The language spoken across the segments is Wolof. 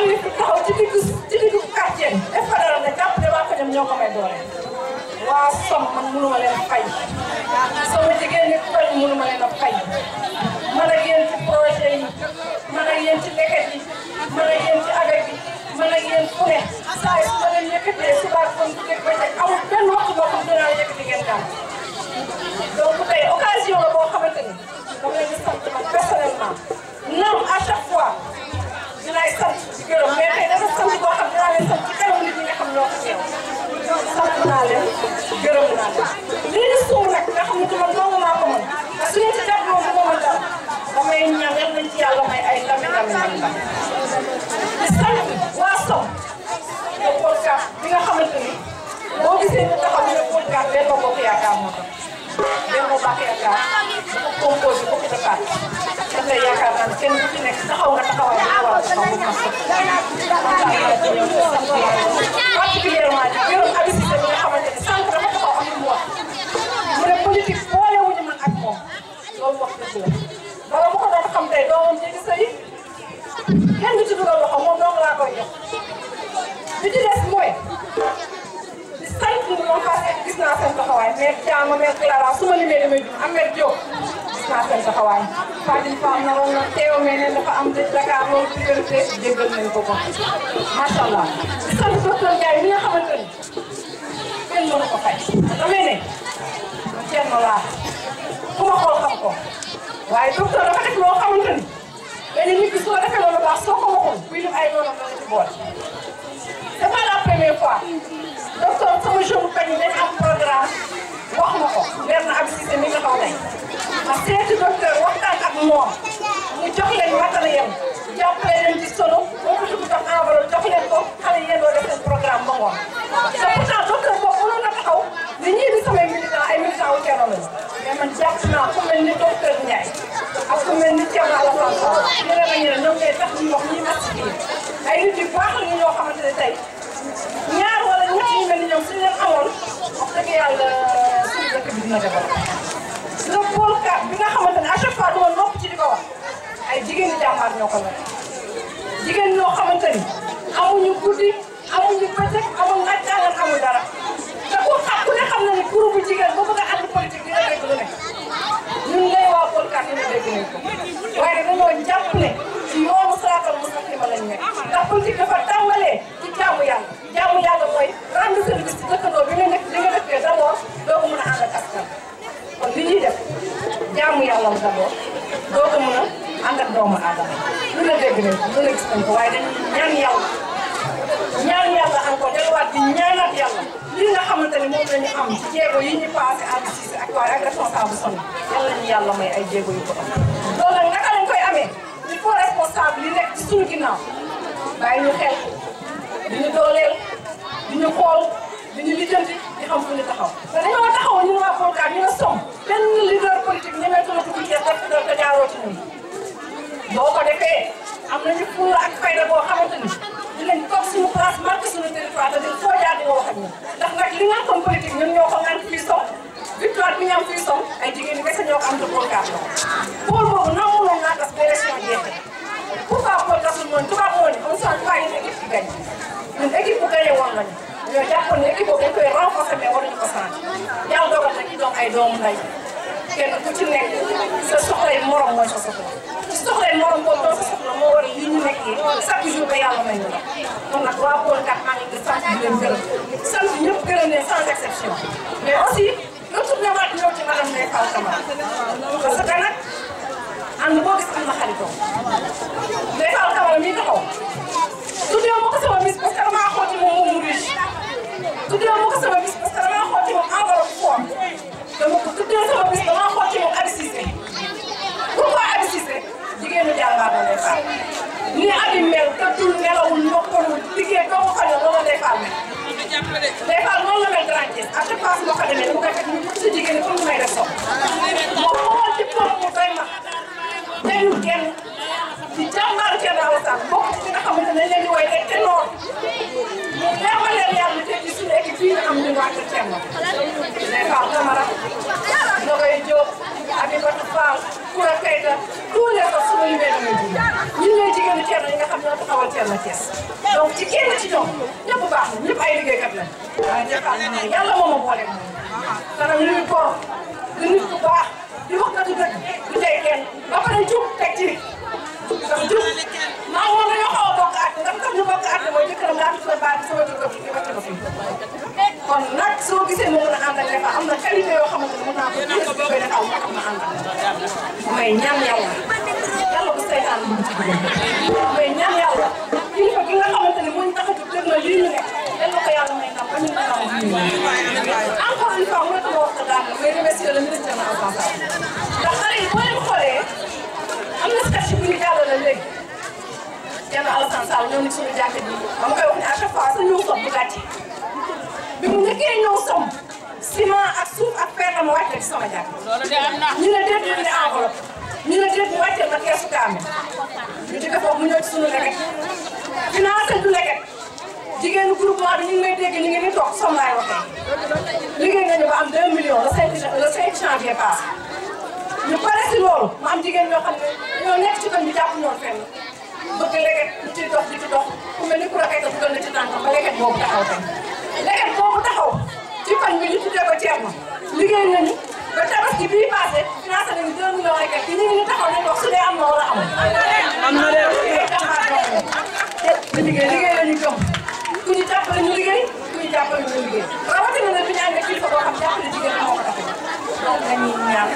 am nit ku taxaw ci diggu ci diggu quartier def ko dara ne jàpp ne waa ko ñoom ñoo ko may doole waa som man mënuma leen fay sama jigéen ñi toj mënuma leen a fay man ak yéen ci projet yi man ak yéen ci leket yi man ak yéen ci avec yi man ak yéen fu ne saa yi su ma leen yëkkatee subaak kon bu dégg ba tey gërëm mais tey dama sant boo xam dinaa leen sant ci kanam nit ñi nga xam ñoo ko ñëw sant naa leen gërëm naa leen lii di suum nag nga xam ne dama doomu maa ko mën suñu ci def moom du ma mën dara damay ñaan yal nañ ci yàlla may ay ndam ndam ndam ndam di sant waa Sow de podcast bi nga xamante ni boo gisee ñu taxaw ne podcast Benno Bokk Yaakaar moo tax Benno Bokk Yaakaar dafa composé beaucoup de parti te yaakaar naa ne kenn ku ci nekk taxaw nga taxawaay bi nga war a taxaw particulièrement mbirum Habib Cissé bi nga xamante ne sànq dama taxaw am lu mu wax mu ne politique boolewuñu man ak moom loolu wax dëgg la bala mu ko doon xam tey doomam ji di sëy kenn du ci dugal loxo moom dong laa koy jox li ci des mooy di sant moom parce que gis naa seen taxawaay mais Thiam ma mère Clara su ma limee damay jum Ameth Diop naa seen taxawaay Fatim Fall naroon na teew mais ne dafa am de Dakar loolu sécurité déggal nañ ko ko macha allah di sant docteur Ndiaye mi nga xamante ni kenn mënu ko fay damay ne kenn laa ku ma xool xam ko waaye docteur dafa def loo xamante ni benn nit ki soo defee loolu baax soo ko waxul kuy lim ay yoonam dana ci boole c'est pas la première fois président ku mel ni docteur Ndiaye ak ku mel ni Thierno Alassane Sall ñu ne ma ñu ne ñoom ñooy tax ñu wax ñuy màcc bi ay nit ni ñoom suñu leen amoon wax dëgg yàlla suñu dëkk bi dina développé. le pôle 4 bi nga ne à chaque fois du ma noppi ci ku ne xam yéen dégg nañ ko waaye dañoo jàpp ne ci yoonu siraatal mustaqima lañ nekk ndax politique dafa tàmbalee ci jaamu yàlla jaamu yàlla mooy rendre service ci dëkkandoo bi nga nekk li nga dëkkee d'abord doo ko mën a ànd ak askan kon li ñuy def jaamu yàlla la d'abord doo ko mën a ànd ak doomu aadama lu la dégg nañ ko lu la gis nañ ko waaye dañ ñaan yàlla ñaan yàlla encore delluwaat di ñaanat yàlla lii am ci jéego yi ñu passé ak Cissé ak waaye ak ay jéego yu ko am loolu nag naka koy amee il faut responsable yi nekk suñu ginnaaw bàyyi ñu xel di ñu dooleel di ñu xool di ñu lijjanti di xam fu ñu taxaw te dañoo taxaw ñun waa ñu ne som benn leader politique ñemeetu la dugg ci def te doon ko jaaroo ci ñun boo ko defee am nañu fulla ak fay ay doomu nday kenn ku ci nekk sa soxlay morom mooy sa soxla soxlay morom boobu doo sa soxla moo waral li ñu nekkee chaque jour ba yàlla may ñu kon nag waa Pôle 4 maa ngi leen di sant di leen gërëm sant ñëpp gërëm leen sans exception mais aussi retourné waat ñëw ci madame Ndeye Fall Camara parce que nag ànd boo gis am na xaritoo Ndeye Fall Camara mii taxaw tuddee ma ko sama bis parce que damaa xool ci moom moomu riche tuddee ma ko sama bis tuddee sama bis ba maa xool ci moom Abi Cissé pourquoi Abi Cissé jigéenu jàmbaar la Ndeye Fall ni Abi mel tëddul nelawul noppalu liggéey doo ko xale loolu Ndeye Fall mel. Ndeye Fall noonu la mel grand ak dépense boo ko demee bu ko fekk ñu ci jom ñëpp baax na ñëpp ay liggéeykat la waaye yàlla moo ma boole dana ñu ngi góor di nit ku baax di wax katu dëgg di tey kenn ba pare jub teg ci ndax jub maa moom dañoo xaw a bokk at ndax tam ñu bokk at mooy jëkkëram laa tudd baax di sama jëkkër di wàcc ma fi kon nag soo gisee moo mën a àndal dafa am na qualité yoo xamante ne mën naa ko gis benn aw ma am na àndal may ñaan yàlla yàlla bu seytaan mu ci monsieur le ministre Thierno Alassane Sall ndax xale yi boo leen xoolee am na statut bu ñu jàllale léegi Thierno Alassane Sall ñëw na suñu jàkka ji ba ma koy wax ne à chaque fois sa ñëw som bu gàcce bi mu njëkkee ñëw som ciment ak suuf ak fer dama wàcce ci sama jàkka ñu ne déet ñu ne enveloppe ñu ne déet ñu wàcce ma keesu kaame ñu di ko foofu mu ñëw ci suñu lekk financé jigéenu groupement bi ñu ngi may dégg ñu ngi ni toog soxna laay waxee liggéey nga ñu ba am 2 millions le 5 le 5 janvier passé ñu pare si loolu mu am jigéen ñoo xam ne ñoo nekk ci koñ bi jàpp ñoon fenn bëgg leget ñu ciy dox di ci dox ku mel ni ku rakay dafa gën a ci tànkam ba leget boobu taxaw tey leget boobu taxaw ci koñ bi ñu tuddee ko ceeb ma liggéey nañu ba tabaski bii passé financé nañu 2 millions ak ñu ngi ni taxaw nañ wax su dee am na wala amul am na leen am na leen liggéey liggéey la ñu gëm ku ñu jàppale ñu liggéey ku ñu jàppale ñu liggéey rawatina nag bu ñu àndee kilifa boo xam jàppale jigéen ñi moo ko tax a loolu la ñuy ñaan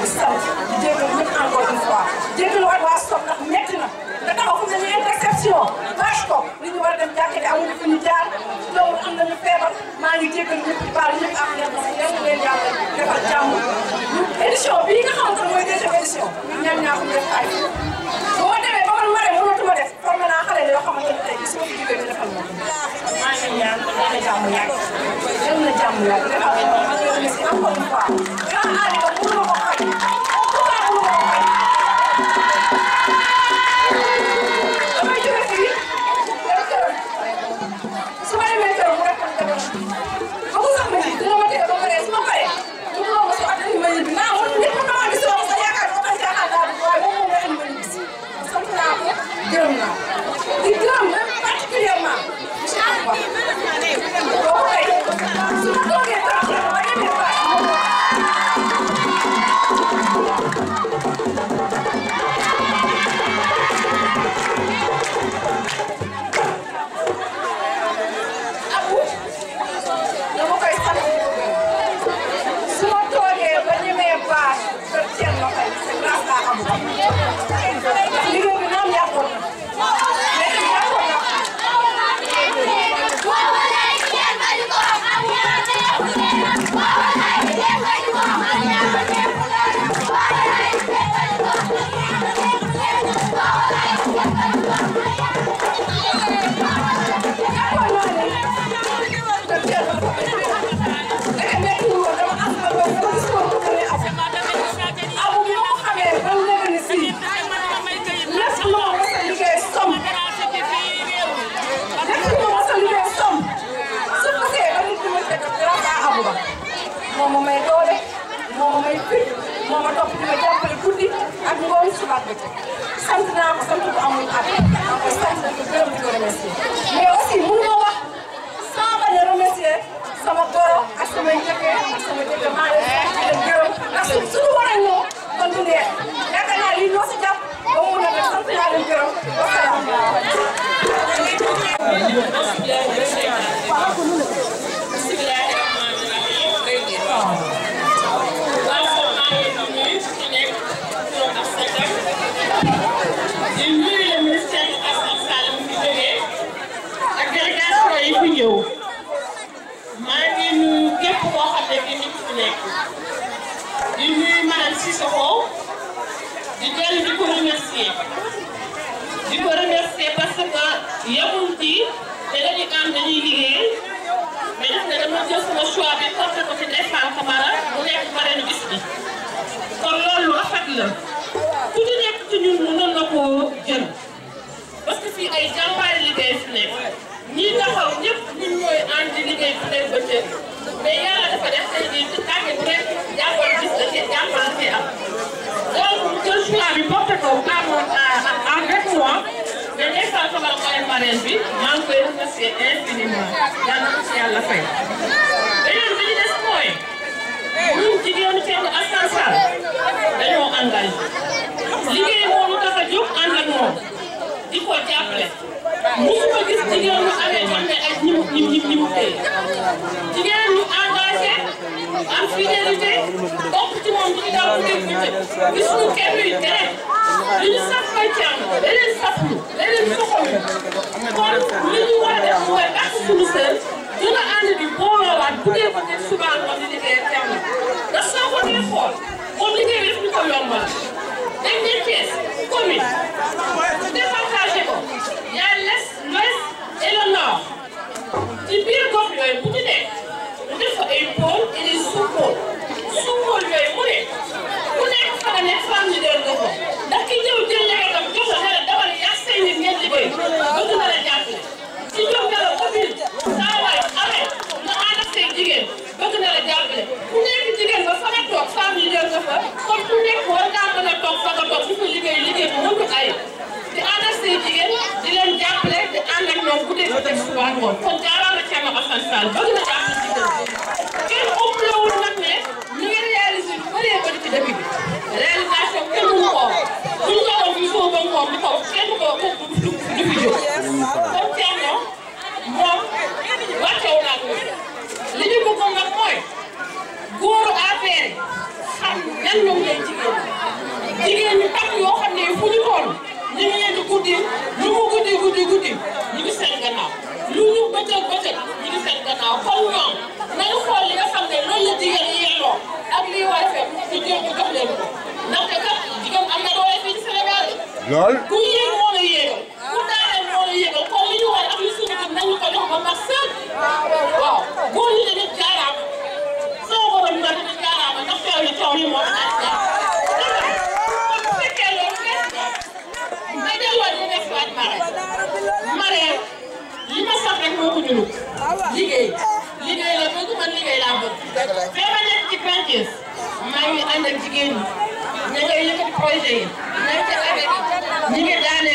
di sant di jégalu ñëpp encore une fois jégalu waat waa stop ndax métti na nga taxaw fu mu ñu interception bâche ko li ñu war a dem jàkkee te amuñu fu ñu am nañu feebar maa ngi jégalu ñëpp di baal ñëpp ak leen parce que yàlla leen yàlla defal jàmm édition bii nga xamante ne mooy Encore une fois. bëgg sant naa ko sant bu amul at maa ngi koy sant di ko gërëm di ko remercier mais aussi mënu ma wax sans bañ a remercier sama goro ak sama njëkkee ak sama njëkkee maa ngi leen di leen gërëm ndax suñu suñu war a ñëw kon du neex yaakaar naa lii ñoo si jàpp ba mu nekk sant naa leen gërëm wa salaam. ñun mënoon na koo jël parce que fii ay jàmbaari liggéey fi nekk ñii taxaw ñëpp ñun ñooy ànd di liggéey fi nekk ba tey mais yàlla dafa def tey jii ci tànge bu nekk jàppoon gis bi porté ko amoon avec moi mais des fois toogal mooy marraine yàlla ko si yàlla fay ñu des mooy ñun jigéenu Thierno Alassane Sall dañoo engagé liggéey moomu tax jóg ànd ak di ko jàppale mu mu téye jigéen ñu engagé am fidélité topp ci di daw dégg dégg gis ñu kenn yu tere li ñu sax fay ci am leneen sax ñu leneen soxalu kon li ñu war a def mooy ak bu dee ko teg subaa di liggéey teew na da soo ko dee xool moom liggéey def ko yombal dañ jël Thiès commune départagé ko y a l'est l'ouest et le nord ci biir gox ministre des sports woon kon jaaraama Thierno Alassane Sall bëgg na jàpp ci dëkk kenn umlawul nag lool ku yéeg moo la ku daaneel moo la yéegal kon li ñu li suñu am ko jox ba mat sëkk waaw góor ñi dañu soo ko woon ma dañu jaaraama ndax li coow li moo la laaj kon bu fekkee loolu des na nga delluwaat ñu def waat marraine marraine li ma sax rek moo ko julu liggéey liggéey la bëgg man liggéey laa bëgg fee ma nekk ci Grand Thiès maa ngi ànd ak jigéen ñi ña yi ñi ngi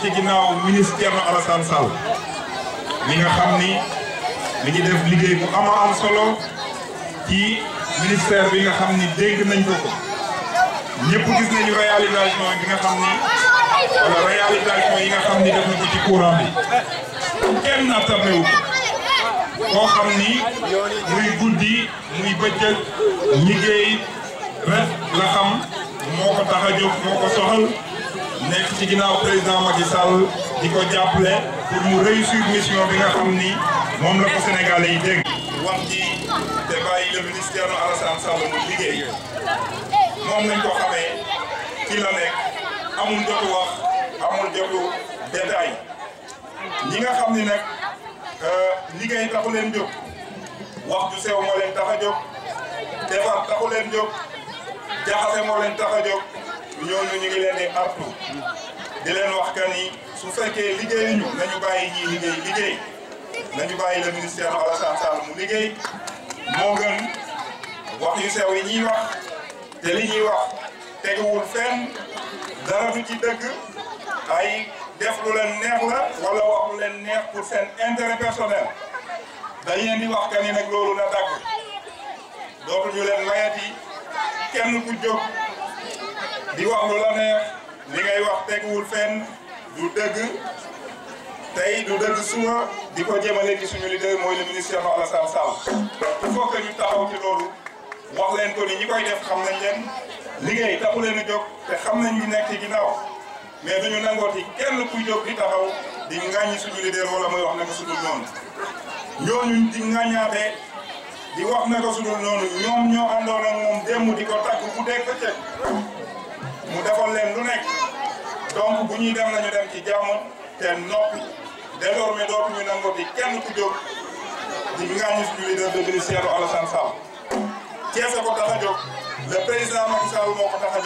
ci ginnaaw ministère na Alassane Sall mi nga xam ni mi ngi def liggéey bu ama am solo ci ministère bi nga xam ni dégg nañ ko ko ñëpp gis nañu réalisation bi nga xam ni yi nga xam ni def na ko ci courant bi kenn nattable wu ko koo xam ni muy guddi muy bëccëg liggéey rek la xam moo ko tax a jóg moo ko soxal nekk ci ginnaaw président Macky Sall di ko jàppale pour mu réussir mission bi nga xam ni moom la ko Sénégalais yi dégg. wax ji te bàyyi le ministère Thierno Alassane moom lañ ko xamee ci la nekk amul jotu wax amul jotu détail ñi nga xam ni nag euh, liggéey taxu leen jóg wax ju sew moo leen tax a jóg defar taxu leen jóg jaxase moo leen tax a jóg. ñooñu ñu ngi leen di artu di leen wax que ni su fekkee liggéeyuñu nañu bàyyi ñii liggéey liggéey nañu bàyyi le ministère Alassane Sall mu liggéey moo gën wax yu sew yi ñuy wax te li ñuy wax teguwul fenn dara du ci dëgg ay def lu leen neex la wala wax lu leen neex pour seen intérêt personnel dañ leen di wax que ni nag na dagg dootuñu leen mayati kenn ku jóg. di wax lu la neex li ngay wax teguwul fenn du dëgg tey du dëgg suba di ko jëmale ci suñu leader mooy le ministre Thierno Alassane Sall il faut que ñu taxaw ci loolu wax leen ko ni ñi koy def xam nañ leen liggéey taxu leen a jóg te xam nañ ñu nekk ci ginnaaw mais duñu nangooti kenn kuy jóg di taxaw di ŋàññi suñu leader wala mooy wax na ko su dul noonu ñooñu di ŋàññaatee di ne su dul noonu ñoom ñoo àndoon moom démb di ko tàgg bu dee ko mu defoon leen lu nekk donc bu ñuy dem nañu dem ci jàmm te noppi désormais dootuñu nangoo di kenn ku di ngaañu suñu leader de ministère bu Alassane Sall. Thiès a ko tax a jóg président Macky moo ko tax a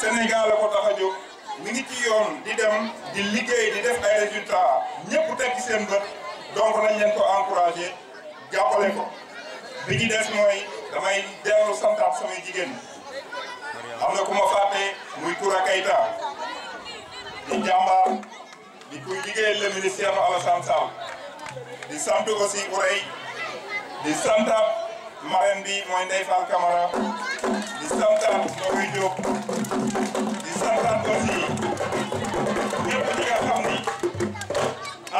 Sénégal la ko tax a jóg mi ci yoon di dem di liggéey di def ay résultats ñëpp te ci seen bët donc nañ leen ko encouragé jàppale ko bi ci des mooy damay dellu santaat samay jigéen am na ku ma fàtte muy Koura Keita di jàmbaar di kuy liggéeyal le ministère Alassane Sall di sant aussi Urey di santaat marraine bi mooy Ndeye Fall Camara di santaat Nogoy Diop di santaat aussi ñëpp ñi nga xam ni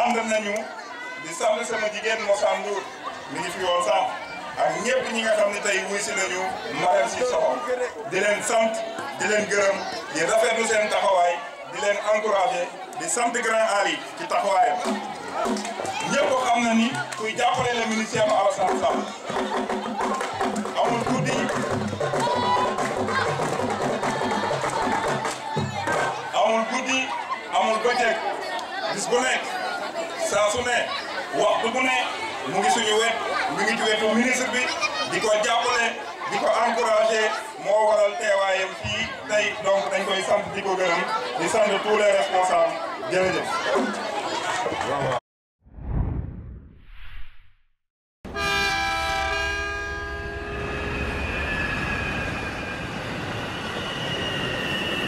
ànd nañu di sant sama jigéen Moussa Ndour mi ngi fi woon ak ñëpp ñi nga xam ne tey wuy si nañu Marème Sy Sokho di leen sant di leen gërëm di rafetlu seen taxawaay di leen encouragé di sant grand Ali ci taxawaayam ñëpp xam na ni kuy jàppale le ministère Alassane Sall amul guddi amul guddi amul bëccëg bis bu ne waxtu bu ne mu ngi suñu mi ngi ci wetu ministre bi di ko jàppale di ko encouragé moo waral teewaayam fii tey donc dañ koy sant di ko gërëm di sant tous les responsables jërëjëf.